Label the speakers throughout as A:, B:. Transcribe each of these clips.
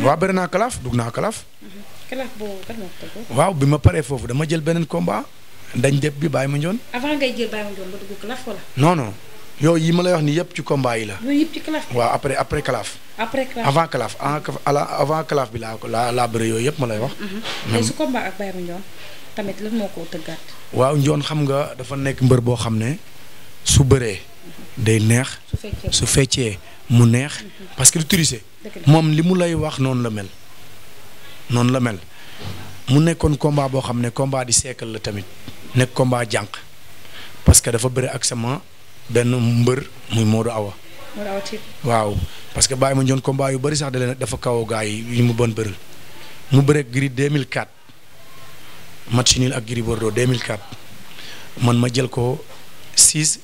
A: waa bëri naa kalaaf dug naa kalaaf.
B: Mhm. waaw
A: bi ma paree foofu dama jël beneen combat dañ deb bi bàyyi ma njoon. avant yooyu yi ma lay wax nii yëpp ci combat yi la. yooyu yëpp ci kalaaf. waaw après après kalaaf.
B: après kalaaf avant
A: kalaaf avant kalaaf bi laa laa laa yooyu yëpp ma lay wax. Mhm.
B: Mhm. mais su tamit lan moo ko tëggaat.
A: waaw njoon xam nga dafa nekk mbër boo xam ne su bëree. day neex su feccee mu neex parce que du moom li mu lay wax noonu la mel noonu la mel mu nekkoon combat boo xam ne combat di siècle la tamit nekk komba jànq parce que dafa bëri ak sama benn mbër muy Modou Awa. waaw parce que bàyyi ma ñoon combat yu bëri sax da dafa kaw gaa yi yu mu bon bëri mu bëreeg Gris 2004 match nul ak Gris Bordeaux 2004 man ma jël ko 6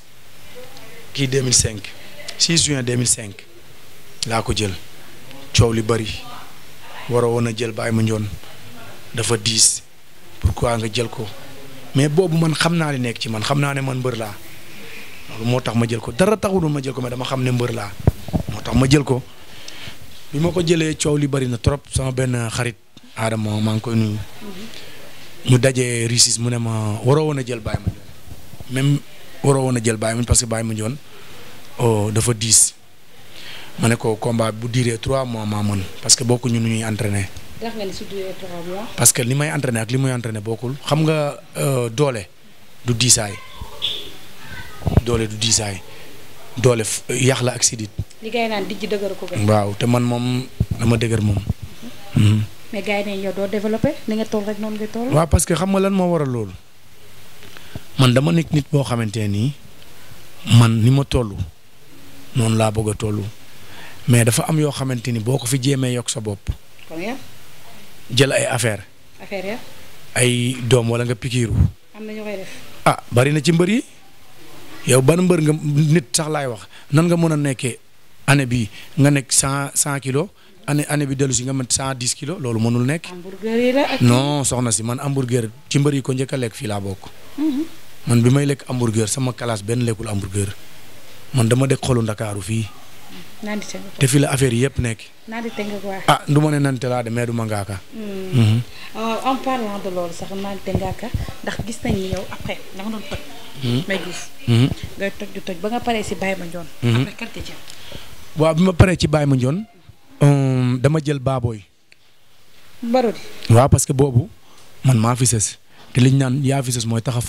A: kii 2005. 6 juin 2005 laa ko jël coow li bëri waroo woon a jël Baye Mandione dafa diis pourquoi nga jël ko mais boobu man xam naa ne nekk ci man xam naa ne man mbër laa loolu moo tax ma jël ko dara taxulul ma jël ko mais dama xam ne mbër laa moo tax ma jël ko bi ma ko jëlee coow li bëri na trop sama benn xarit Adama maa ngi koy nuyu ñu dajee Risis mu ne ma waroo woon a jël Baye Mandione même waroo woon a jël Baye Mandione parce que Baye Mandione Oh, dafa diis ma ne ko combat bu duree trois mois maa mën parce que bokkuñu nu ñuy entraîner. ndax parce que li may entraîner ak li muy entraîner bokkul xam nga euh, doole du diisaay doole du diisaay doole yàq la ak sidit.
B: li ko. waaw
A: te man moom dama dëgër moom. Mhm.
B: mais développé ni nga toll rek noonu
A: nga waaw parce que xam nga lan moo a loolu man dama nekk nit boo xamante nii man ni ma toll. noonu laa bëgg a toll mais dafa am yoo xamante ni boo ko fi jéemee yokk sa bopp. jël ay affaire ay doom wala nga pikiiru. am ah bari na ci mbër yi yow ban mbër nga nit sax laay wax nan nga mën a nekkee année bi nga nekk cent cent kilos. année année bi dellu si nga mën cent dix kilos loolu mënul nekk. noon soxna si man hamburger ci mbër yi ko njëkk a lekk fii laa bokk. Mhm. man bi may lekk hamburger sama classe benn lekkul hamburger. man dama dëkk xolu ndakaaru fii. te fi la affaire yëpp nekk. ah du ne nante laa de mais du hmm. mhm.
B: euh, ngaaka. ndax gis nañu yow après da doon hmm. hmm. toj. ba nga paree si Baye Mandione.
A: après waaw bi ma paree ci Baye Mandione. dama jël baabooy. waaw parce que boobu man maa fi te liñ naan yaa fi mooy tax a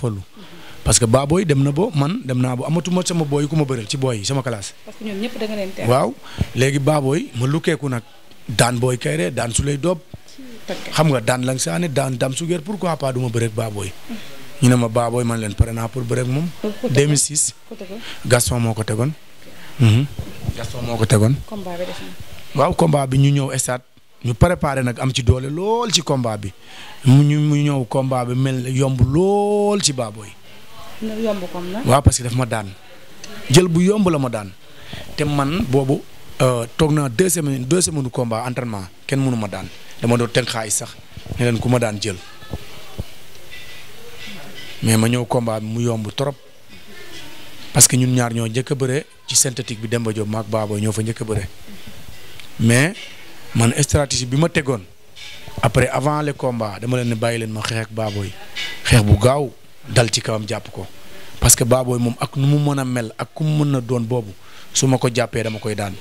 A: parce que baabooy dem na ba man dem naa ba amatuma sama booy ku ma bëreel ci booy yi sama classe. waaw léegi baabooy ma lukkeeku nag daan booy kayre daan su lay doob xam nga daan lang saane daan dam sugeer pourquoi pas du ma bëreeg baabooy ñu ne ma baabooy man leen pare naa pour bëreeg moom. 2006. Gaston moo ko tegoon. Mhm. moo ko tegoon. combat waaw combat bi ñu ñëw stade ñu préparé nag am ci doole lool ci combat bi mu ñu ñëw combat bi mel na yomb lool ci baabooy
B: yomb waaw
A: parce que daf ma daan jël bu yomb la ma daan te man boobu euh, toog naa deux semaines deux semaines combat entraînement kenn mënu ma daan dama doon teg xaalis sax ne leen ku ma daan jël mais ma ñëw combat mu yomb trop parce que ñun ñaar ñoo njëkk a bëre ci synthétique bi Demba Diop maak Baboy ñoo fa njëkk a bëre mais man stratégie bi ma tegoon après avant le combat dama leen bàyyi leen ma xeex ak Baboy xeex bu gaaw. dal ci kawam jàpp ko parce que baabooy moom ak nu mu mën a mel ak ku mën a doon boobu su ma ko jàppee dama koy daan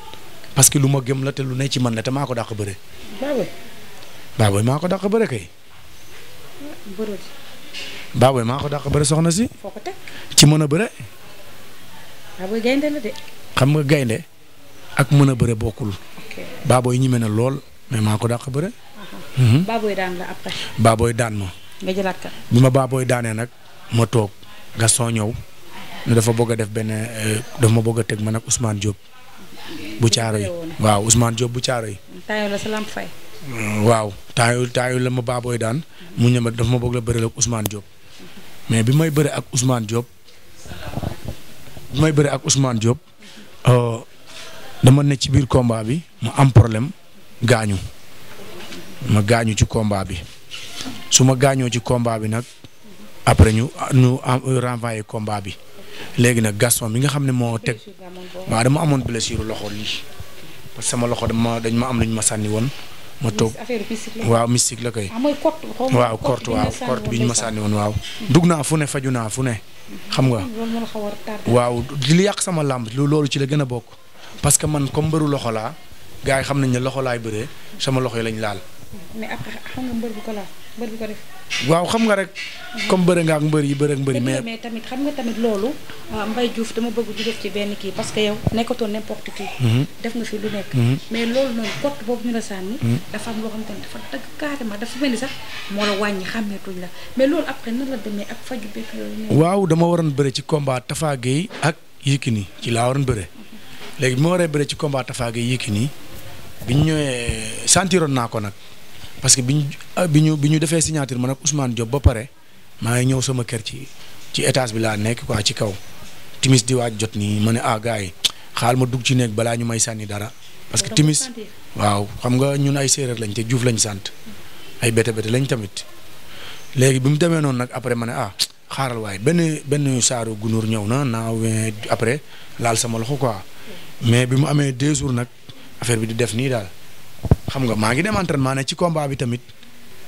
A: parce que lu ma gëm la te lu ne ci man la te maa ko dàq bëre. baabooy. maa ko dàq bëre kay. baabooy maa ko dàq bëre soxna si. ci mën a bëre. xam nga gaynde ak mën a bëre bokkul. baabooy ñime na lool mais maa ko dàq bëre. Mhm. baabooy daan la
B: ma.
A: bi ma baabooy daanee nag. ma toog Gaston ñëw ne dafa bëgg a def benn euh, dafa ma bëgg a teg man ak Ousmane jóob bu caaro yi waaw Ousmane Diop bu caaro la
B: euh,
A: waaw taayoo taayoo la ma baabooy daan mu ñëw ma dafa ma bëgg la bëri ak Ousmane Diop mais bi may bëri ak Ousmane jóob may bëri ak Ousmane Diop euh, dama ne ci biir combat bi ma am problème gaañu ma gaañu ci combat bi su ma gaañoo ci combat bi nag. après ñu ñu renvoyé combat bi léegi nag Gaston bi nga xam ne moo teg waaw dama amoon blessure loxo lii parce que sama loxo dama dañ ma am lañu ma sànni woon ma toog waaw mystique la koy ah,
B: waaw korte waaw korte bi ñu ma sànni
A: woon waaw dugg naa fu ne faju naa fu ne xam nga waaw li yàq sama làmb loolu ci la gën a bokk parce que man comme mbëru loxo laa gaa yi xam nañ ne loxo laay bëre sama loxo yi lañ laal
B: laal mbër bi
A: waaw xam nga rek. comme bëri nga ak mbër yi bëri ak mais mais
B: tamit xam nga tamit loolu. Ah, Mbaye Diouf dama bëgg du def ci benn kii parce que yow nekkatoo n'importe qui. Mhm. def nga fi lu nekk. Mhm. mais loolu noonu boobu ñu la sànni. Mhm. dafa am loo xamante ni dafa dëgg carrément dafa mel sax moo la wàññi xàmmeetuñ la mais loolu après nan la demee ak faju beeg yooyu.
A: waaw dama waroon bëri ci combat Tafa Gueye ak Yékini ci laa waroon bëre. léegi bi ma waree bëre ci combat Tafa Gueye Yékini bi ñu ñëwee naa ko nag parce que bi ñu ah, bi ñu bi ñu defee signature man ak Ousmane Diop ba pare maa ngi ñëw sama kër ci ci étage bi laa nekk quoi ci kaw timis di waaj jot nii ma ne ah gars yi xaal ma dugg ci néeg balaa ñu may sànni dara parce que timis waaw xam nga ñun ay séeréer lañ te Juuf lañ sant ay bete bete lañ tamit léegi bi mu demee noonu nag après ma ne ah xaaral waaye benn benn saaru gunóor ñëw na naa eh, après laal sama loxo quoi mm. mais bi mu amee deux jours nag affaire bi di def nii daal. xam nga maa ngi dem entraînement ne ci combat bi tamit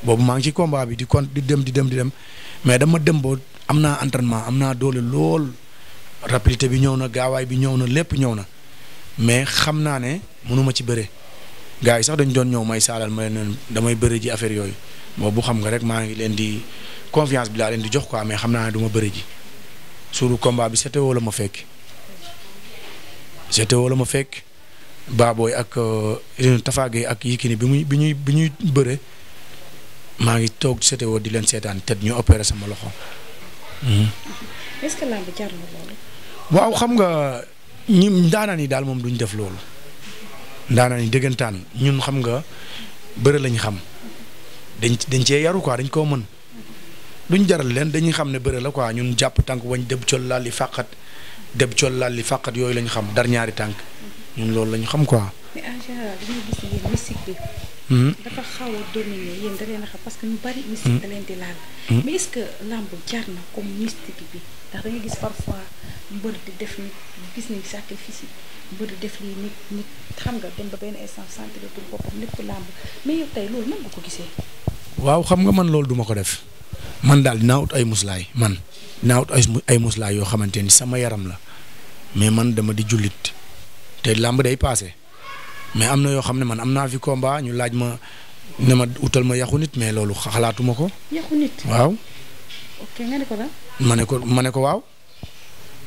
A: boobu maa ngi ci combat bi di kon di dem di dem di dem mais dama dem boo am naa entraînement am naa doole lool rapidité bi ñëw na gaawaay bi ñëw na lépp ñëw na mais xam naa ne mënuma ci bëre gars yi sax dañu doon ñëw may saalal ma leen damay bëre ji affaire yooyu boobu xam nga rek maa ngi leen di confiance bi laa leen di jox ko mais xam naa ne du bëre ji suuru combat bi CTO la ma fekk CTO la ma fekk. baabooy ak euh, euh, Tafa Gueye ak Yékini bi muy bi ñuy bi ñuy bëre maa ngi toog CTO di leen seetaan te ñu opéré sama loxo. Mhm. est waaw xam nga ñi daanaan yi daal moom duñ def loolu daanaan yi dëggantaan ñun xam nga bëre lañ xam dañ dañ cee yaru quoi dañ koo mën. lu ñu jaral leen dañuy xam ne bëre la quoi ñun jàpp tànk wañ deb col laal li fàqat deb col laal li fàqat yooyu lañ xam dar ñaari tànk ñun loolu lañ xam quoi.
B: mais hmm? xam parce que ñu bari mystique hmm? hmm? mais est làmb jar na comme mystique bi ndax da nga gis parfois mbër di def nit gis nañ sacrifice mbër di def lii nit nit xam nga dem ba benn instant sentir boppam lépp làmb mais yow tey loolu nan nga ko gisee.
A: waaw xam nga man loolu duma ko def. man daal dinaa ut ay muslaay man dinaa ut ay ay muslaay yoo xamante ni sama yaram la mais man dama di jullit te làmb day paase mais am na yoo xam ne man am naa fi combat ñu laaj ma ne ma utal ma yaxu nit mais loolu xalaatuma ko. yaxu waaw. ko la. ma ne ko ma ne ko waaw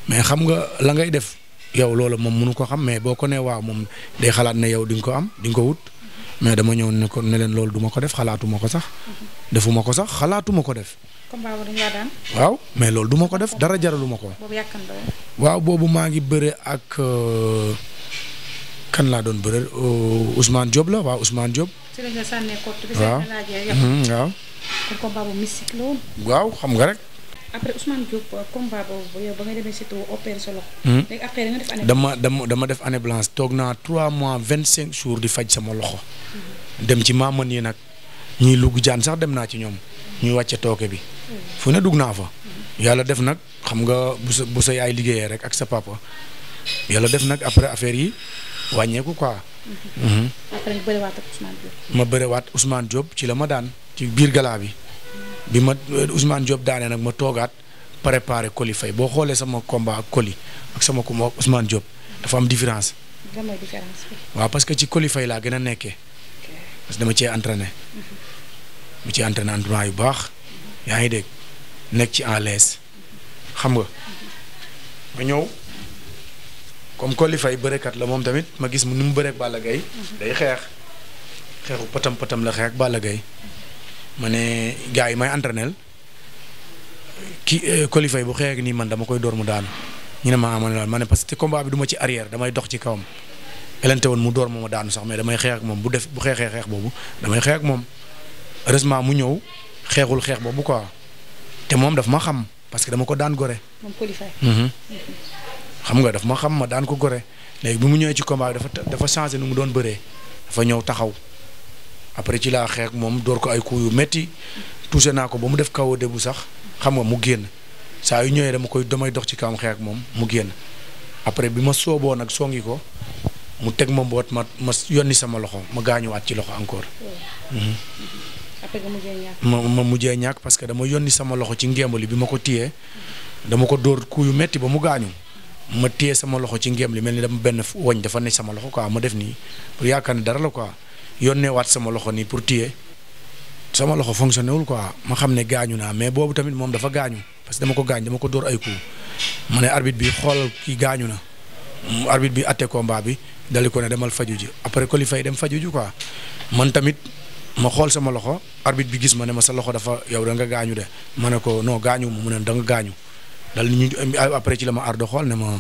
A: mais xam nga la ngay def yow loolu moom mënu ko xam mais boo ko nee waaw moom day xalaat ne yow di ko am di ko wut. mais dama ñëw ne ko ne leen loolu duma ko def xalaatuma ko sax. defuma ko sax xalaatuma ko def. waaw mais loolu duma ko def dara jaraluma ko. waaw boobu maa ngi bëre ak euh, kan laa doon bëre euh, Ousmane Diop la waaw Ousmane Diop.
B: waaw hmm, waaw.
A: waaw xam nga rek.
B: Euh, hmm? dama
A: dama dama def année blance toog naa trois mois vingt 25 jours di faj sama loxo. Hmm. dem ci maaman yi nag ñuy lugg jaan sax dem naa ci ñoom. ñu wàcce tooke bi. Hmm. fu ne dugg naa fa. yàlla def nag xam nga bu sa yaay liggéeyee rek ak sa papa. yàlla def nag après affaire yi wàññeeku quoi.
B: après nga
A: bëriwaat ak Ousmane Diop. ci la ma daan ci biir galaa bi. bi ma euh, Ousmane Diop daanee nag ma toogaat préparé Coly boo xoolee sama combat ak Coly ak sama combat ak Ousmane Diop dafa am différence. waaw parce que ci Coly laa gën a nekkee. parce que dama cee entraîné. mu mhm. ci entraîné entraînement yu baax. yaa ngi dégg nekk ci en l'aise xam nga mhm. ma ñëw comme Coly Faye bërekat la moom tamit ma gis mu ni mu bëreek Balla Gaye mhm. day xeex xeexu patam patam la xeex Balla Gaye ma ne gars yi may entraînel ki euh, qualifié bu xëy ak nii man dama koy door mu daanu ñu ne ma amoon ah, daal ma ne parce que combat bi du ma ci arrière damay dox ci kawam elante woon mu door ma ma daanu sax mais damay xeex ak moom bu def bu xeexee xeex boobu damay xeex moom heureusement mu ñëw xeexul xeex boobu quoi te moom dafa ma xam parce que dama ko daan gore. moom mhm. xam nga daf ma xam ma daan ko gore léegi bi mu ñëwee ci combat dafa dafa changé nu mu doon bëree dafa ñëw taxaw. après ci laa xeex moom dóor ko ay coups yu métti touché naa ko ba mu def kaw bu sax xam nga mu génn saa yu ñëwee dama koy damay dox ci kawam xeex ak moom mu génn après bi ma sooboo nag songi ko mu teg ma mboot ma ma yónni sama loxo ma gaañuwaat ci loxo encore. Mhm. mujjee ñàkk. ma ma mujjee ñàkk parce que dama yónni sama loxo ci ngémbali bi ma ko téyee dama ko dóor ku yu métti ba mu gaañu ma téye sama loxo ci li mel ni dama benn woñ dafa ne sama loxo quoi ma def nii pour yaakaar ne dara la quoi. yónneewaat sama loxo nii pour téye sama loxo fonctionné wul quoi ma xam ne gaañu naa mais boobu tamit moom dafa gaañu parce que dama ko gaañ dama ko dóor ay coup ma ne arbitre bi xoolal kii gaañu na arbitre bi atte combat bi dali ko ne demal faju ji après ko li fay dem faju ji quoi man tamit ma xool sama loxo arbitre bi gis ma ne ma sa loxo dafa yow da nga gaañu de ma ne ko noo gaañu ma mu ne da gaañu dal ñu après ci la ma ardo xool ne ma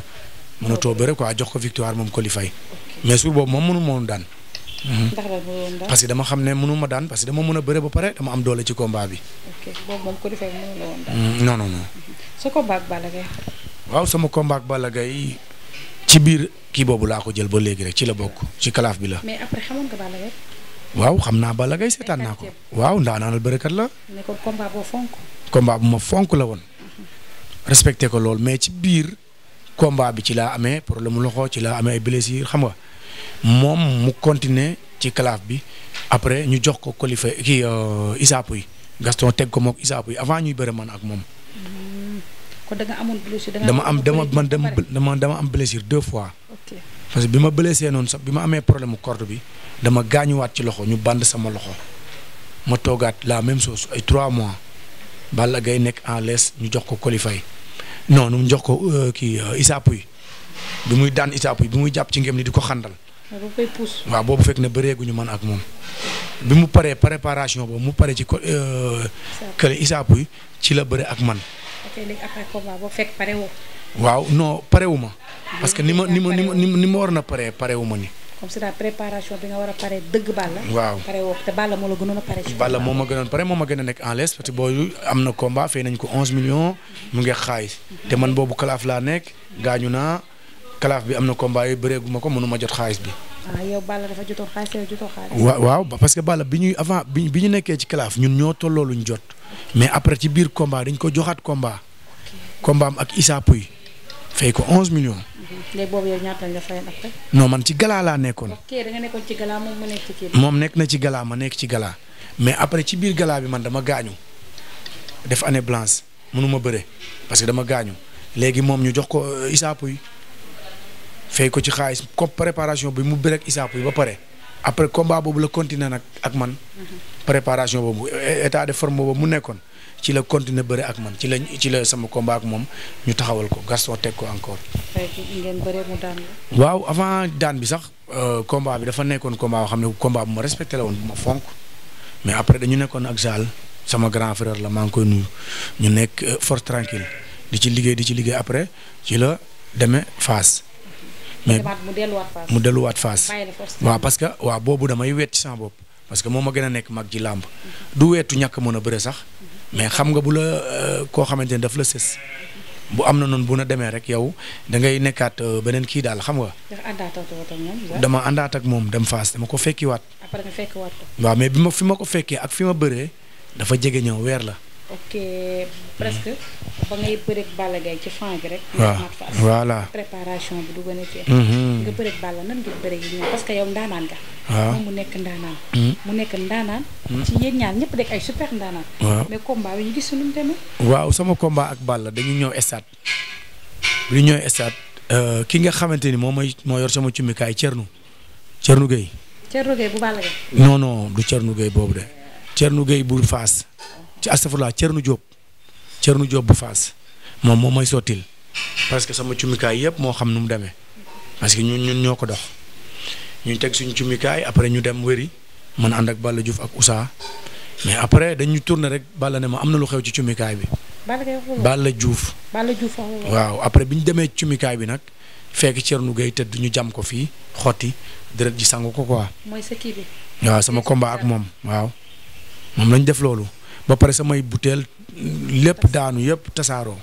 A: mënatoo bëre quoi jox ko victoire moom ko li mais suur boobu moom mënu moon daan Mhm.
B: ndax la parce que
A: dama xam ne mënu daan parce que dama mën a bëre ba pare dama am doole ci combat bi.
B: ok boobu moom mm, mhm.
A: waaw sama combat ak Balla Gaye ci biir kii boobu laa ko jël ba léegi rek ci la bokk ci kalaaf bi la. waaw xam naa Balla gay seetaan naa ko. waaw ndaanaanal bërekat la. ne ko combat bu ma fonk la woon. Mhm. respecté ko loolu mais ci biir combat bi ci laa amee problème mu loxo ci laa amee ay blessure xam nga moom mu continuer ci calaf bi après ñu jox ko kolifa ki euh, isaapu yi Gaston teg ko mook isaapu yi avant ñuy bëre man ak moom.
B: Mm-hmm. kon dama am dama man dama
A: dama am blessure deux fois. parce que bi ma blessé noonu sax bi ma amee problème mu corde bi dama gaañuwaat ci loxo ñu band sama loxo ma toogaat la même chose ay trois mois bala gay nekk en les ñu jox ko kolifay non ñu jox ko euh, kii euh, isaapu yi bi muy daan isaapu yi bi muy jàpp ci ngem ni di ko xàndal waaw boobu fekk ne ñu man ak moom bi mu paree préparation boobu mu pare ci ko euh, kële isaapuy ci la bëre ak man. waaw non parewu ma. parce que ni ma ni ma ni ma ni ma war na paree parewu ma ni.
B: comme waaw pare woo Balla moo la gënoon a pare. Balla
A: moo ma gënoon pare ma gën a nekk en les parce que boobu am na combat fay nañ ko 11 millions. mu ngi xaay. Mhm. te man boobu kalaaf laa nekk gaañu naa. kalaaf bi am na combat yi bëreeguma ko mënuma jot xaalis bi.
B: ah waaw waaw
A: parce que Balla bi ñuy avant bi bi ñu nekkee ci kalaaf ñun ñoo tolloo jot. mais après ci biir combat dañ ko joxaat komba combat ak Issa Pouye fay ko 11 millions.
B: Mhm. léegi
A: man ci galaa laa nekkoon. moom nekk na ci galaa ma nekk ci galaa mais après ci biir galaa bi man dama gaañu def année blanche mënuma bëre parce que dama gaañu léegi moom ñu jox ko euh, Issa Pouye fay ko ci xaalis comme préparation bi mu bëreeg isaap yi ba pare après combat boobu la continuer nag ak man. préparation boobu état de form boobu mu nekkoon ci la continuer bëre ak man ci la ci sama combat ak moom ñu taxawal ko Gaston teg ko encore. waaw avant daan bi sax euh, combat bi dafa nekkoon combat boo xam ne combat bu ma respecté la woon bu ma fonk mais après dañu nekkoon ak Saal sama grand frère la maa ngi koy nuyu ñu nekk euh, force tranquille di ci liggéey di ci liggéey après ci la demee Fass. mais
B: mu delluwaat Fass waaw parce que
A: waaw boobu damay wet ci sama bopp parce que moom ma gën a nekk mag ji làmb du weetu ñàkk mën a bëre sax mais xam nga bu la euh, koo xamante ne daf la sës bu am na noonu bu na demee rek yow da ngay nekkaat euh, beneen kii daal xam nga. dama àndaat ak moom dem Fass dama ko fekkiwaat. après waaw mais bi ma fi ma ko fekkee ak fi ma bëree dafa jege ñëw weer la.
B: ok presque ba ngay bëreeg Balla Gaye ci fan gi rek. waaw mhm. nga bëreeg Balla nan ngeen bëreeg yi ñoom parce que ndaanaan nga. waaw mu nekk ndaanaan. Mhm. mu nekk ndaanaan. Mhm. ci yéen ñaar ñëpp rek ay super ndaanaan. waaw mais combat bi ñu gis nu mu
A: waaw sama combat ak Balla dañu ñëw stade bi ñu ñëw stade euh, ki nga xamante ni moom mooy moo yor sama cumikaay Thierno Thierno Gueye.
B: Thierno Gueye bu Balla Gaye.
A: non non du Thierno Gueye boobu de Thierno Gueye bu Faas. ci nu jóob Diop nu jóob bu Faas moom moom mooy sottil parce que sama cumikaay yëpp moo xam nu mu demee parce que ñun ñun ñoo ko dox ñu teg suñu cumikaay après ñu dem wéri man ànd ak Balla Diouf ak Oussa mais après dañu tourné rek Balla ne ma am na lu xew ci cumikaay bi. Balla Diouf Balla waaw après bi ñu demee cumikaay bi nag fekk Thierno Gueye tëdd ñu jam ko fii xotti deret ji sangu ko quoi. waa waaw sama komba ak moom waaw moom lañ def loolu. ba pare samay butéel lépp daanu yëpp tasaaroo.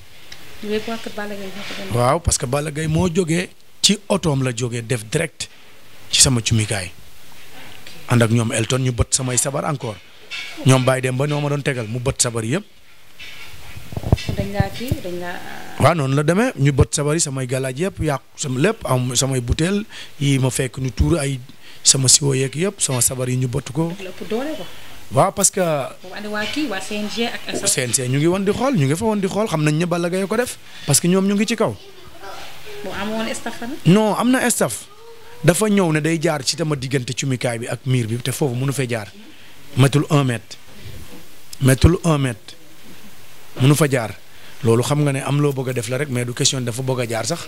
A: waaw parce que Balla Gaye moo jógee ci otoom la jóge def direct ci sama cumikaay ànd ak ñoom Elton ñu bët samay sabar encore ñoom Baye dem ba ñoo ma doon tegal mu bët sabar yëpp. waa noonu la deme ñu bët sabar yi samay galaaj yëpp yàqu sama lépp am samay butéel yi ma fekk ñu tuur ay sama siwo yeeg yëpp sama sabar yi ñu bët ko. waaw parce que.
B: waa kii CNG oh,
A: CNG ñu ngi woon di xool ñu ngi fa woon di xool xam nañ ne Balla Gaye ko def parce que ñoom ñu ngi ci kaw. bu non am na staff dafa ñëw ne day jaar ci dama diggante cumikaay bi ak miir bi te foofu mënu fee jaar métul un mètre métul un mètre mënu fa jaar loolu xam nga ne am loo bëgg def la rek mais du question dafa bëgg a jaar sax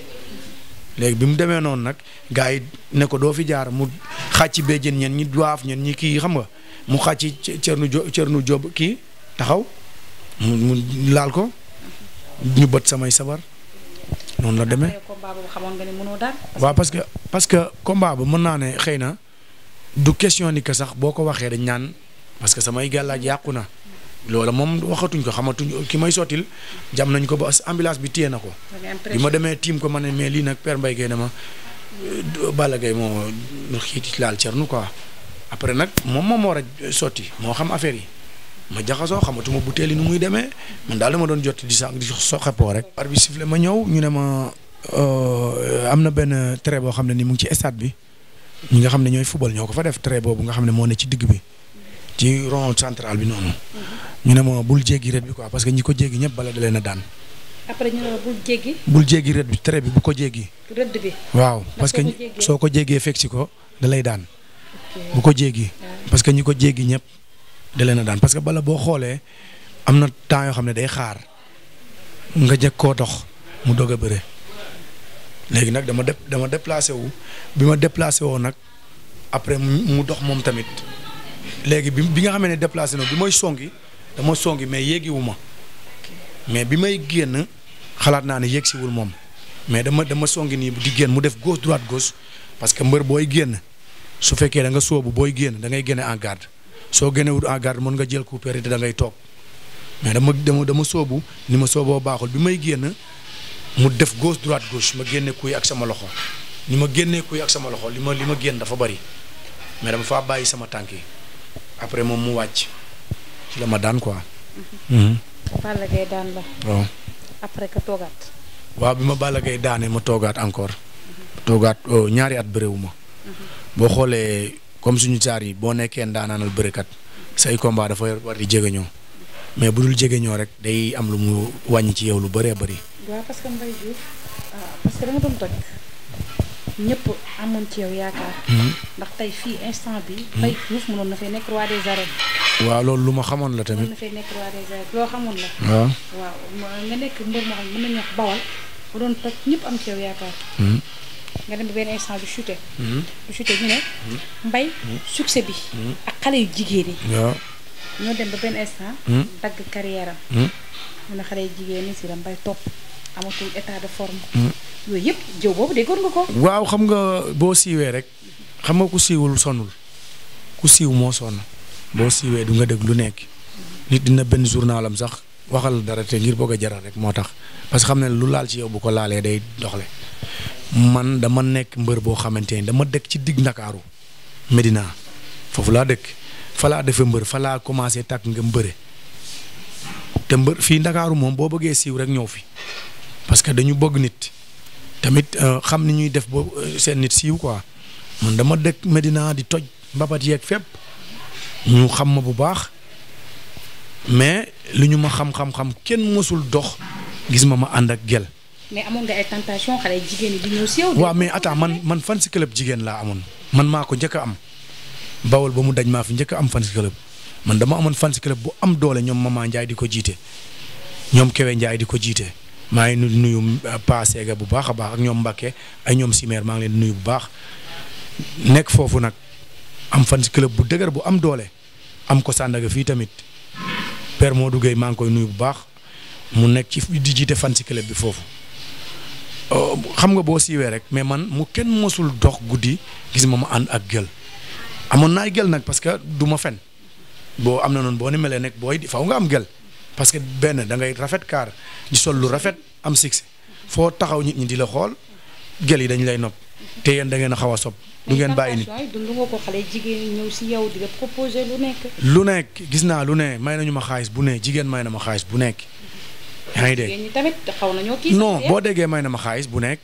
A: léegi bi mu demee noonu nag gars yi ne ko doo fi jaar mu xàcc be jën ñeen ñi doif ñen ñi kii xam nga. mu xàcc Thierno Diop nu Diop kii taxaw mu laal ko ñu bët samay sabar noonu la demee. waaw parce que parce que combat ba mën naa ne xëy na du question ni que sax boo ko waxee dañ ñaan parce que samay gàllaaj yàqu na loolu moom waxatuñ ko xamatuñ ki may sottil jam nañ ko ba ambulance bi téye na ko. bi ma demee tiim ko ma ne mais lii nag Père Mbaye Guèye dama euh, Balla Gaye moo xiiti laal Thierno quoi. après nag moom moom war a sotti moo xam affaire yi ma jaxasoo xamatuma butéel yi muy demee man daal dama doon jot di sànq di so xeppoo rek. arbitre bi sifflé ma ñëw ñu ne ma euh, am na benn trait boo xam ne ni mu ci stade bi ñi nga xam ne ñooy football ñoo ko fa def trait boobu nga xam ne moo ne ci digg bi ci rond central bi noonu. Mm-hmm. ñu ne ma bul jéggi ret bi quoi parce que ñi ko jéggi ñëpp bala da leen a daan.
B: après ñu ne
A: bi trait bi bu ko jéggi. waaw parce que soo ko jéggee fekk si ko da lay daan. bu ko jéggi parce que ñu ko jéggi ñëpp da leen a daan parce que bala boo xoolee am na temps yoo xam ne day xaar nga jëkk koo dox mu dog a bëre léegi nag dama dep dama déplacé wu bi ma déplacé woo nag après mu dox moom tamit léegi bi bi nga xamee ne déplacé na bi may songi dama songi mais yéegiwu ma mais bi may génn xalaat naa ne yéegsiwul moom mais dama dama songi nii di génn mu def gauche droite gauche parce que mbër booy génn. su fekkee da nga sóobu booy génn dangay ngay génne en garde soo génnewul en garde mën nga jël coup péré te da toog mais dama dama dama sóobu ni ma sóoboo baaxul bi may génn mu def gauche droite gauche ma génne kuy ak sama loxo ni ma génnee kuy ak sama loxo li ma li ma génn dafa bari mais dama faa bàyyi sama tànk après moom mu wàcc ci la ma daan quoi. Mm-hmm. Mm-hmm.
B: Balla Gaye daan après ka
A: waaw bi ma Balla Gaye daanee ma toogaat encore. Mm-hmm. toogaat oh, ñaari at bëréwu ma. boo xoolee comme suñu caar yi boo nekkee ndaanaanal bërëkat say combat dafa war di jege ñoo mais bu dul jege ñoo rek day am lu mu wàññi ci yow lu baree bari
B: waaw parce que Mbaye ah, doon toj ñëpp hmm. hmm.
A: xamoon la tamit.
B: am ci yow yaakaar. Hmm. nga dem ba benn instant du chuté. Mhm. du chuté ñu ne. Mhm. mbay mhm. succès bi. ak xale yu jigéen yi. ñoo dem ba benn instant. dagg carrière am. mu xale yu jigéen ñi si la mbay topp amatul état de forme. yooyu yëpp jëw boobu déggoon nga ko.
A: waaw xam nga boo siiwee rek. xam nga ku siiwul sonul ku siiw moo sonn boo siiwee du nga dégg lu nekk. nit dina benn journalam sax waxal dara te ngir bëgg a jaral rek moo tax parce que xam ne lu laal ci yow bu ko laalee day doxle man dama nekk mbër boo xamante ni dama dëkk ci digg ndakaaru Medina foofu laa dëkk falaa laa defee mbër fa laa commencé tàkk nga mbëre te mbër fii ndakaaru moom boo bëggee siiw rek ñëw fi parce que dañu bëgg nit tamit euh, xam ni ñuy def ba euh, seen nit siiw quoi man dama dëkk Medina di toj mbapat yeeg fépp ñu xam ma bu baax mais lu ñu ma xam-xam-xam kenn mosul dox gis ma ma ànd ak gel
B: mais amoon nga ay tentation xale jigéen yi
A: di mais attends man man fan si club jigéen laa amoon man maa ko njëkk a am bawol ba mu daj maa fi njëkk am fan si club man dama amoon fan si club bu am doole ñoom Mama Ndiaye di ko jiite ñoom Kewe Ndiaye di ko jiite. maa ngi nuyu euh, Pa bu baax a baax ak ñoom Mbacke ay ñoom Simeer maa ngi leen nuyu bu baax nekk foofu nag am fan si club bu dëgër bu am doole am ko sàndaga fii tamit per moo duggee maa ngi koy nuyu bu baax mu nekk ci di jiite fan si club bi foofu. Euh, xam nga boo siiwee rek mais man mu kenn mosul dox guddi gis ma ma ànd ak gël amoon naay gël nag parce que du ma fen boo am na noonu boo ni melee nekk booy di faw nga am gël parce que benn da ngay rafet kaar di sol lu rafet am succès foo taxaw nit ñi di la xool gël yi dañ lay nopp te yéen da ngeen a xaw a sob du ngeen bàyyi nit
B: lu nekk.
A: lu nekk gis naa lu ne may nañu ma xaalis bu ne jigéen may na ma xaalis bu nekk. yaa ngi dégg
B: tamit xaw boo
A: déggee may na ma xaalis bu nekk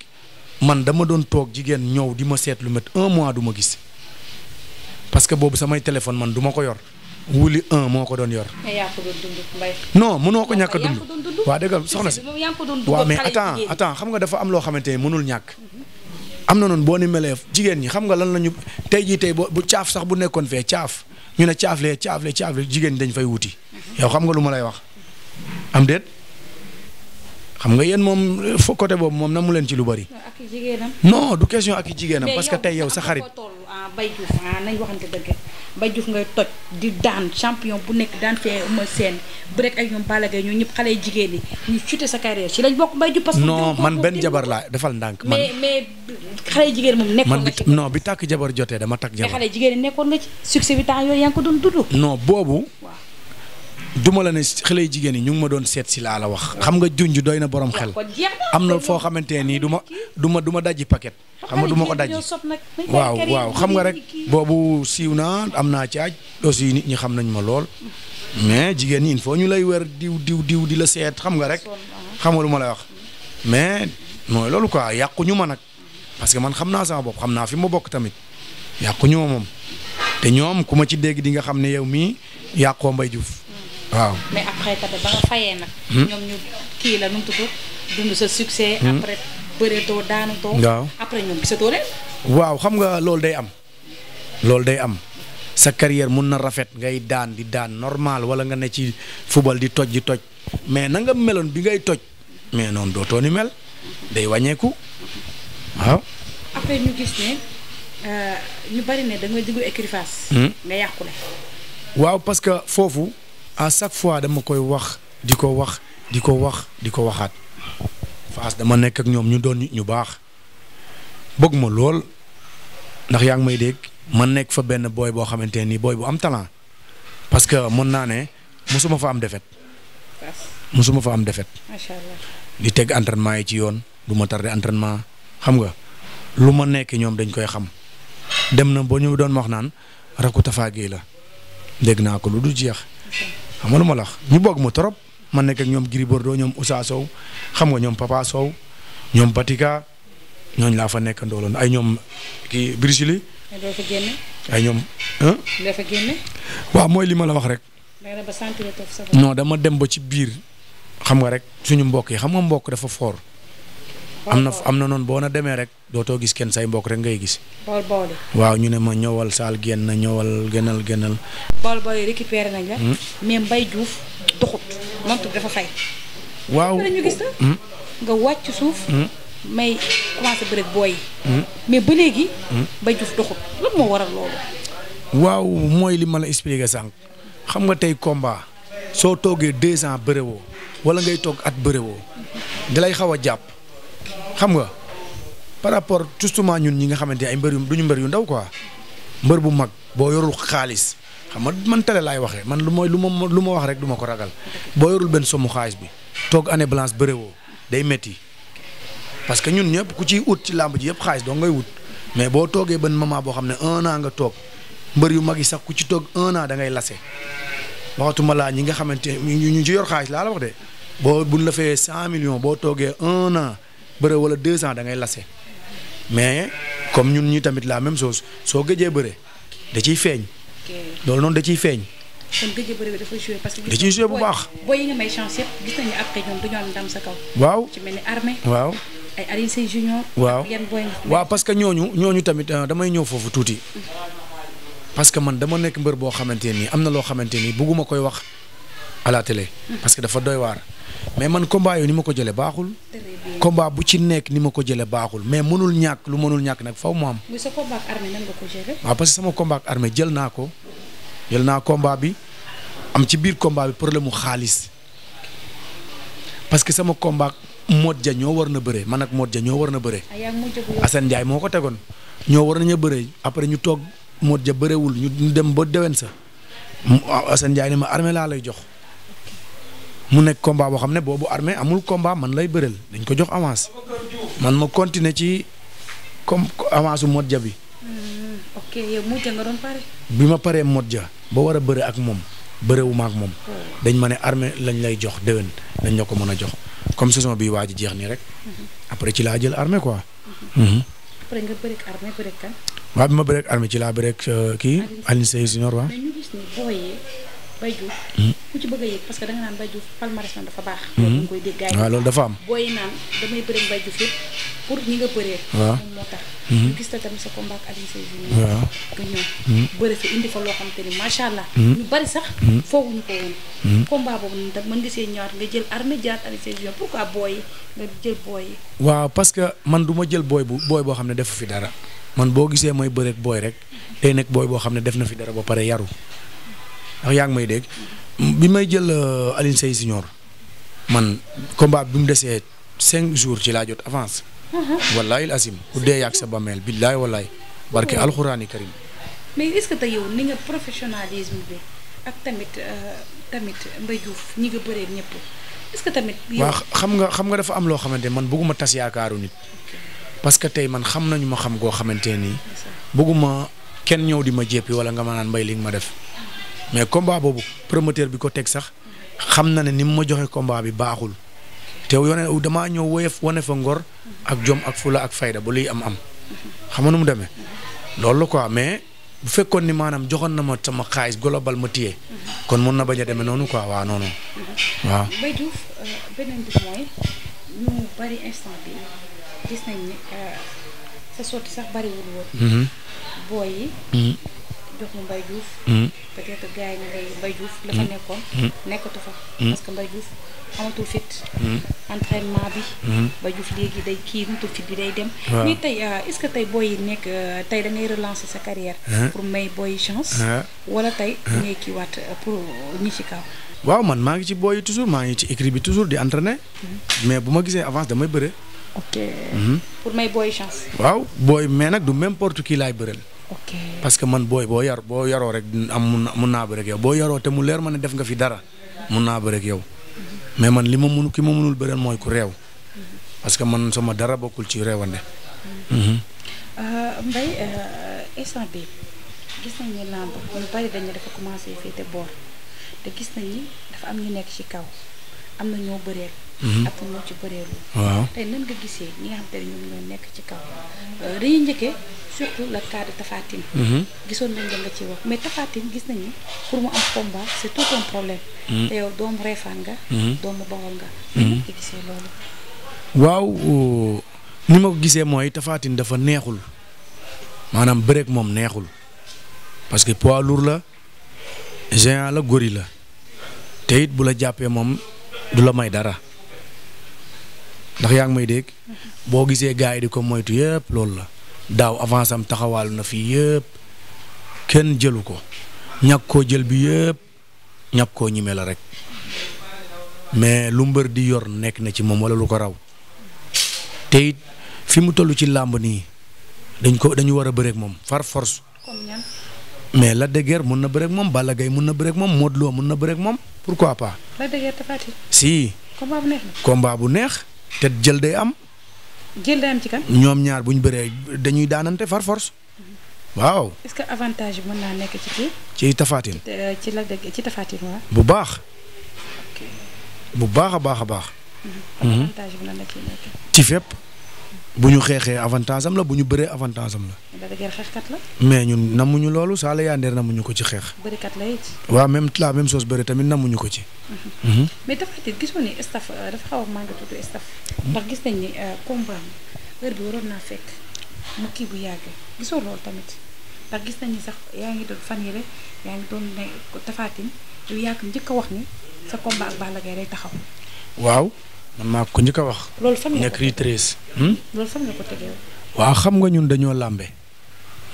A: man dama doon toog jigéen ñëw di ma seet lu met un mois du ma gis parce que boobu samay téléphone man du ma ko yor wuli un moo ko doon yor. mais mënoo ko ñàkk a dund waa dëggal soxna si
B: waaw mais attends attends
A: xam nga dafa am loo xamante ne mënul ñàkk. Mhm. am na noon boo ni melee jigéen ñi xam nga lan la ñu tey jii tey bu caaf sax bu nekkoon fee caaf ñu ne caaf lee caaf lee caaf lee jigéen ñi dañ fay wuti. Mhm. yow xam nga lu ma lay wax am xam nga yéen moom fo côté boobu moom namu leen ci lu bari. non du question ak jigéenam. parce que tey yow sa xarit
B: ah, Baye Diouf ah nañ waxante ngay toj di daan champion bu nekk daan fee ma seen bu rek ak ñoom Balla Gaye ñoom ñëpp xale jigéen ñi ñu sa carrière ci lañ bokk Baye Diouf. parce que non man
A: benn jabar laa defal ndànk. man mais
B: mais xale jigéen moom nekkoon nga
A: ci. non bi takk jabar jotee dama tàkk jabar.
B: mais jigéen nekkoon nga ci succès yooyu yaa ngi ko doon dund.
A: non boobu. duma la ne xale jigéen ñi ñu ngi ma doon seet si laa la wax xam nga junj doy na borom xel am na foo xamante nii du ma du ma du ma dajji paquet xam nga du ma ko dajji
B: waaw waaw xam nga rek
A: boobu siiw naa am naa caaj aussi nit ñi xam nañ ma lool mais jigéen ñi il faut ñu lay wer diw diw diw di la seet xam nga rek xam nga lu ma lay wax mais mooy loolu quoi yàquñu ma nag parce que man xam naa sama bopp xam naa fi ma bokk tamit yàquñu ma moom te ñoom ku ma ci dégg di nga xam ne yow mii yàqoo Mbaye Diouf waaw
B: mais après tamit ba nga fayee nag. Hmm? ñoom ñu kii la nu mu tudd sa succès. Hmm? après bëreetoo daanutoo. waaw après ñoom gisatoo leen.
A: waaw xam nga loolu day am. loolu day am. sa carrière mun na rafet ngay daan di daan normal wala nga ne ci football di toj di toj mais na nga meloon bi ngay toj mais noonu dootoo ni mel day wàññeeku waaw.
B: après ñu gis ne euh, ñu bari ne da nga dugg écurie Fass. Hmm? nga
A: waaw parce que foofu à chaque fois dama koy wax di ko wax di ko wax di ko waxaat Fass dama nekk ak ñoom ñu doon nit ñu baax bëgg ma lool ndax yaa ngi may dégg ma nekk fa benn booy boo xamante ne nii booy bu am talent parce que mën naa ne mosuma fa am defet mësuma fa am defet di teg entraînement yi ci yoon du ma tardé entraînement xam nga lu ma nekk ñoom dañ koy xam dem na ba ñu doon wax naan raku Tafa Gueye la dégg naa ko lu du jeex. xam nga lu ma la wax ñu bëgg ma trop man nekk ak ñoom Gris Bordeaux ñoom Oussa Sow xam nga ñoom Papa Sow ñoom Batika ñooñ laa fa nekk ndooloon ay ñoom kii Brésil. ay ñoom. doo fa waaw mooy li ma la wax rek. non dama dem ba ci biir xam nga rek suñu mbokk yi xam nga mbokk dafa foor am na am na noonu boo na demee rek dootoo gis kenn say mbokk rek ngay gis. waaw ñu ne ma ñëwal saal génn ñëwal gënal gënal.
B: bool bool hmm? mais Mbaye Diouf doxut moom tamit dafa fay.
A: Hmm?
B: Hmm? mais ba léegi. Mbaye Diouf doxut lan moo waral loolu.
A: waaw mooy li ma la expliqué sànq xam nga tey combat soo toogee deux ans bërewoo wala ngay toog at bërewoo dalay xaw a jàpp. xam nga par rapport justement ñun ñi nga xamante ay mbër yu du ñu mbër yu ndaw quoi mbër bu mag boo yorul xaalis xam nga man tele laay waxee man lu ma lu ma lu ma wax rek du ma ko ragal boo yorul benn somu xaalis bi toog année blanche bëréwoo day métti parce que ñun ñëpp ku ciy ut ci làmb ji yëpp xaalis doo ngay wut mais boo toogee benn moment boo xam ne un an nga toog mbër yu mag yi sax ku ci toog un an da ngay lase waxatuma laa ñi nga xamante ñu ci xaalis laa la wax de boo buñ la fayee cent boo toogee un an bëre wala deux ans da ngay lase mais comme ñun ñi tamit la même soos soo gëjee bëre da ciy feeñ. loolu noonu da ciy feeñ.
B: kon da ciy joué bu baax
A: waaw waaw ay parce que ñooñu ñooñu tamit euh, damay ñëw foofu tuuti. Mm. parce que man dama nekk mbër boo xamante nii am na loo xamante nii bugguma koy wax alaatele parce que dafa doy waar. mais man combat yooyu ni ma ko jëlee baaxul. combat bu ci nekk ni ma ko jëlee baaxul mais mënul ñàkk lu mënul ñàkk nag faw mu am.
B: muy ah, parce
A: que sama combat ak armée jël naa ko jël naa combat bi am ci biir combat bi problème mu xaalis parce que sama combat Modou Dia ñoo war na bëre man ak Modou Dia ñoo war na bëre.
B: Ah,
A: Assane Ndiaye moo ko tegoon. ñoo war nañu bëre après ñu toog Modou ja bërewul ñu dem ba déwén sa Assane Ndiaye ne ma armée laa lay jox. mu nekk combat boo xam ne boobu armée amul combat man lay bëreel dañ ko jox avance man ma continuer ci comme avance su ja bi. Hmm, bi ma paree Modja ba war a bëre ak moom bërewuma ak moom hmm. dañ ma ne armée lañ lay jox déwén dañ la ko mën a jox comme saison bi waa ji jeex nii rek hmm. après ci laa jël armee quoi. après bi ma bëreeg armée ci laa bëreeg euh, kii Alioune Seye Junior waaw.
B: mais Baye Diouf ku ci bëgg a yëg parce que da naan Baye Diouf palmarès na dafa baax hmm. loolu dafa am booy naan damay bëreeg Baye Diouf yëpp pour ñi nga bëree hmm. nga ñëw hmm. fi indi fa loo xam te ni macha allah ñu bari sax fooguñu ko woon combat boobu noonu tam mën nga nga jël armée jaat Alioune Sèye Junior pourquoi booy nga jël booy
A: waaw parce que man du ma jël booy bu booy boo xam ne defu fi dara man boo gisee mooy bëreeg booy rek day nekk booy boo xam ne def na fi dara ba pare yaru ndax yaa ngi may dégg bi may jël euh, Alioune Seye Junior man combat bi mu desee cinq jours ci laa jot avance. Uh-huh. wallaay il asim ku yàgg sa bameel billaay wallaay bi
B: ak tamit euh, tamit Mbaye Diouf ñi nga
A: xam nga xam nga dafa am loo xamante man bëgguma tas yaakaaru nit. parce que tey man xam nañu ma xam goo xamante nii bëgguma kenn ñëw di ma jéppi wala nga ma naan mbay li nga ma def. mais combat boobu promoteur bi ko teg sax xam na ne ni mu ma joxe komba bi baaxul te yow damaa ñëw woyef wone fa ngor ak jom ak fula ak fayda ba luy am am xam nga mu deme loolu la quoi mais bu fekkoon ni maanaam joxoon na ma sama xaalis global ma téye kon mun na bañ a demee noonu quoi waaw noonu waaw.
B: jox ma Mbaye Diouf. Mm. peut-être gars yi ne lay Mbaye Diouf. la mm. fa nekkoon. Mm. nekkatu fa. parce que Mbaye Diouf amatul fit. entraînement bi. Mbaye Diouf léegi day kii amatul fit bi day dem. mais tey euh, est-ce que tey booy nekk euh, tey da ngay relancer sa carrière. Ah. pour may booy chance. Ah. wala tey ah. ngay kiiwaat euh, pour ñi ci kaw.
A: waaw man maa ngi ci booy toujours maa ngi ci écrit bi toujours di entraîner. mais bu ma gisee avance damay bëre. ok. Mm-hmm.
B: pour may booy chance.
A: waaw booy mais nag du n'importe qui laay bëreel. parce que man booy boo yar boo yaroo rek am mun naa bëre ak yow boo yaroo te mu leer ma ne def nga fi dara mu naa bëre ak mais man li ma mun ki ma munul bëreel mooy ku réew parce que man sama dara bokkul ci réewande. Mhm.
B: Euh, Mbaye euh, instant bi gis nañ ni làmb ñu bari dañu dafa commencé féete boor te gis nañ dafa am ñu nekk ci kaw am na ñoo bëreel. Mm-hmm. ak ñoo ci bëreelu waaw tey nan nga gisee ñi nga xam te ne ñoom nekk ci kaw euh, dañuy njëkkee surtout le cas de mm-hmm. gisoon nañ la nga ci wax mais Tapha ni mm-hmm. gisee loolu
A: waaw euh, ni ma gisee mooy Tapha dafa neexul maanaam bëreeg moom neexul parce que poids lourd la géant la gori la te it bu la jàppee moom du la may dara ndax yaa ngi may dégg boo gisee gars yi di ko moytu yëpp loolu la daaw avance am taxawaalu na fii yëpp kenn jëlu ko ñàkk koo jël bi yëpp ñàkk koo ñime la rek mais lu mbër di yor nekk na ci moom wala lu ko raw te fi mu toll ci làmb nii dañ ko dañu war a bëreek moom far force. mais la deger Guiers mën na bëreek moom bala gay mun na bëreek moom Modou Lo mën na bëreek moom pourquoi pas. Lac de si. combat bu neex. te jël day am. jël day am ci kan. ñoom ñaar bu ñu bëree dañuy daanante far force. waaw.
B: est-ce que avantage bi mën naa nekk ci kii.
A: ci tafaatin
B: ci la ci tafaatin
A: bu baax. bu baax a baax a baax. Mhm. Mhm. avantage bi la nekk. ci fépp. bu ñu xeexee avantage am la bu ñu bëree avantage am la. Lac de Guiers mais ñun namuñu loolu Saala Yandeer namuñu ko ci xeex. bërikat la waaw même la même chose bëri tamit namuñu ko ci.
B: Uh-huh. Mhm. mais dafa it gisoo ni staff euh, dafa xaw a manqué tuuti ndax gis nañ ni euh, combat am bi waroon naa fekk ma kii bu yàgg gisoo loolu tamit ndax gis nañ ni sax yaa ngi doon fan yii yaa ngi doon ne Tapha Tine yow njëkk a wax ni sa combat ak Balla Gaye day taxaw.
A: waaw man maa ko njëkk wax. loolu fan nga nekk treize. Hmm? loolu waaw xam nga ñun dañoo làmbe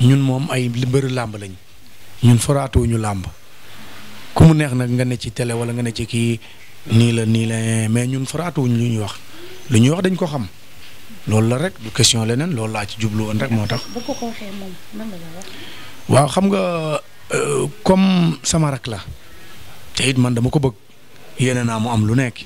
A: ñun moom ay mbëri làmb lañ ñun foraatoo làmb ku mu neex nag nga ne ci tele wala nga ne ci kii nii la nii la mais ñun foraatoo ñu lu ñuy wax lu ñuy wax dañ ko xam loolu la rek du question leneen loolu laa ci jublu woon rek moo tax. bu ko xam nga euh, comme sama rak la te it man dama ko bëgg yeneen naa mu am lu nekk.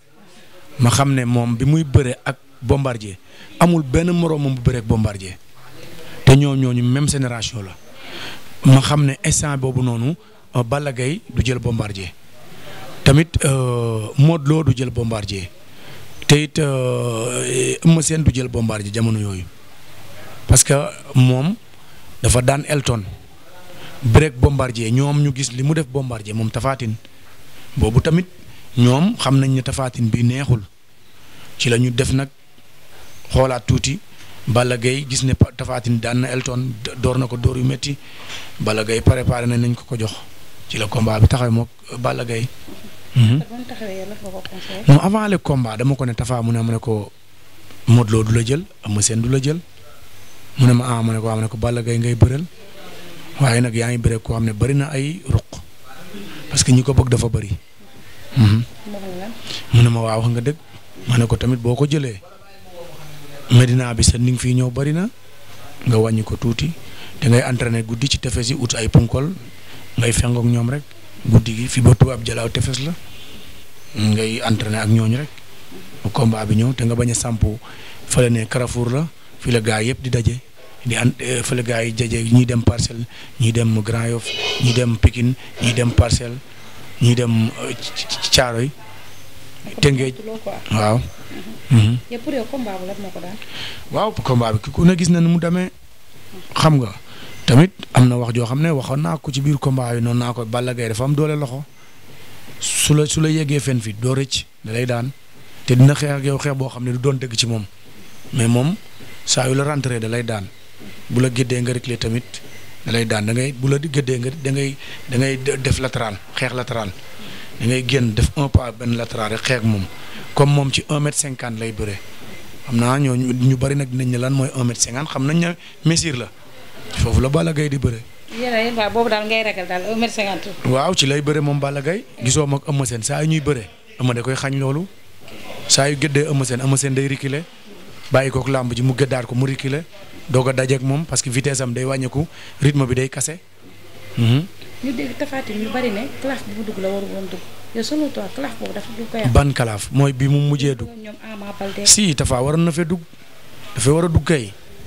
A: ma xam ne moom bi muy bëre ak bombardier amul benn moroomam bu bëre ak bombardier te ñoo ñooñu même génération la ma xam ne instant boobu noonu euh, Balla du jël bombardier tamit euh, Modou Lo du jël bombardier te it euh, Eumeu Sène du jël bombardier jamono yooyu parce que moom dafa daan Elton bëre ak bombardier ñoom ñu gis li mu def bombardier moom Tapha boobu tamit. ñoom xam nañ ni tafaatin bi neexul ci la ñu def nag xoolaat tuuti Balla Gaye gis ne tafaatin daan na Elton door na ko door yu métti Balla Gaye préparé nañ nañ ko ko jox ci la combat bi taxaw mook Balla Gaye. Mhm. non avant le combat dama ko ne tafaa mu ne ma ne ko Modou Lo du la jël Eumeu Sène du la jël mu ne ma ah ma ne ko ah ne ko Balla gay ngay bëreel waaye nag yaa ngi bëre koo xam ne bari na ay ruq parce que ñi ko bëgg dafa bari. mu ne ma waaw wax nga dëgg ma ne ko tamit boo ko jëlee Medina bi sa ni nga fii ñëw bari na nga wàññi ko tuuti da ngay entraîné guddi ci tefes yi ut ay punkol ngay fengook ñoom rek guddi gi fi ba tubaab jalaaw tefes la ngay entraîné ak ñooñu rek combat bi ñëw te nga bañ a sampu fële ne Carrefour la fi la gaa yëpp di daje di an eh, fële gaa yi daje ñii dem parcelle ñii dem Grand Yoff ñii dem Pikine ñii dem parcelle ñuy dem euh, Caaroy Tëngéej waaw. Mhm. Mhm. yëpp pour yow ku ne gis na ni mu demee xam nga tamit am na wax joo xam ne waxoon naa ko ci biir combat bi noonu naa ko Balla Gaye dafa am doole loxo su la su la yeggee fenn fi doo rëcc dalay daan te dina xeex ak yow xeex boo xam ne du doon dëgg ci moom mais moom saa yu la rentré da lay daan bu la géddee nga réglé tamit. da lay daan da ngay bu la gëddee nga da ngay da ngay def latéral xeex latéral da ngay génn def un pas benn latéral rek xeex moom comme moom ci un mètre cinquante lay bëre xam naa ñoo ñu bari nag nañ ne lan mooy un mètre cinquante xam nañ ne mesure la foofu la Balla Gaye di bëree.
B: yéen a boobu daal ngay ragal daal un mètre cinquante.
A: waaw ci lay bëree moom Balla Gaye gisoo ma ak Eumeu Sène saa yu ñuy bëree Eumeu de koy xañ loolu saa yi gëddee Eumeu Sène Eumeu Sène day bàyyi kook làmb ji mu gëddaat ko mu reculer doo ko dajeeg moom parce que vitesse am day wàññeeku rythme bi day kase. Mhm. ban kalaaf mooy bi mu mujjee dugg. si Tafa waroon na fee dugg dafay war a dugg kay.